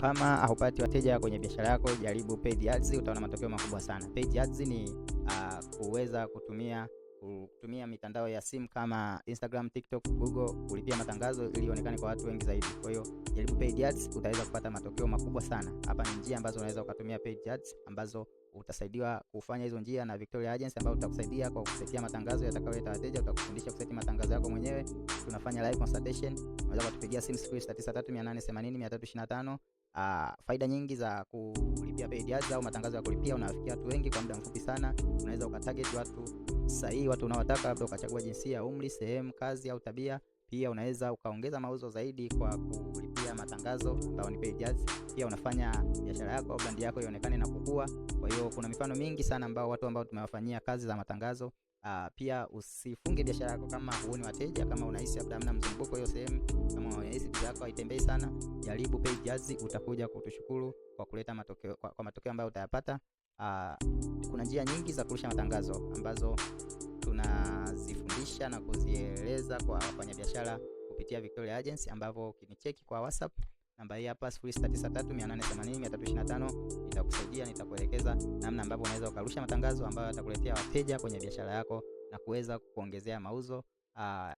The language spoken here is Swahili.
Kama haupati wateja kwenye biashara yako, jaribu paid ads, utaona matokeo makubwa sana. Paid ads ni uh, kuweza kutumia kutumia mitandao ya simu kama Instagram, TikTok, Google kulipia matangazo ili ionekane kwa watu wengi zaidi. Kwa hiyo jaribu paid ads, utaweza kupata matokeo makubwa sana. Hapa ni njia ambazo unaweza ukatumia paid ads ambazo utasaidiwa kufanya hizo njia na Victoria Agency ambayo utakusaidia kwa kusetia matangazo yatakayoleta wateja. Utakufundisha kuseti matangazo yako mwenyewe. Tunafanya live consultation, unaweza kutupigia simu 0693880325 Uh, faida nyingi za kulipia paid ads au matangazo ya kulipia, unawafikia watu wengi kwa muda mfupi sana. Unaweza ukatarget watu sahihi, watu unaowataka, labda ukachagua jinsia, umri, sehemu, kazi au tabia. Pia unaweza ukaongeza mauzo zaidi kwa kulipia matangazo ambayo ni paid ads. Pia unafanya biashara yako au brand yako ionekane na kukua. Kwa hiyo kuna mifano mingi sana ambao watu ambao tumewafanyia kazi za matangazo Uh, pia usifunge biashara yako kama huoni wateja, kama unahisi labda mna mzunguko hiyo sehemu, kama unahisi bidhaa yako haitembei sana, jaribu PageJazz, utakuja kutushukuru kwa kuleta matokeo, kwa, kwa matokeo ambayo utayapata. Uh, kuna njia nyingi za kurusha matangazo ambazo tunazifundisha na kuzieleza kwa wafanyabiashara kupitia Victoria Agency, ambapo ukinicheki kwa WhatsApp Namba hii hapa 0693880325 itakusaidia, nitakuelekeza namna ambavyo unaweza ukarusha matangazo ambayo yatakuletea wateja kwenye biashara yako na kuweza kuongezea mauzo aa,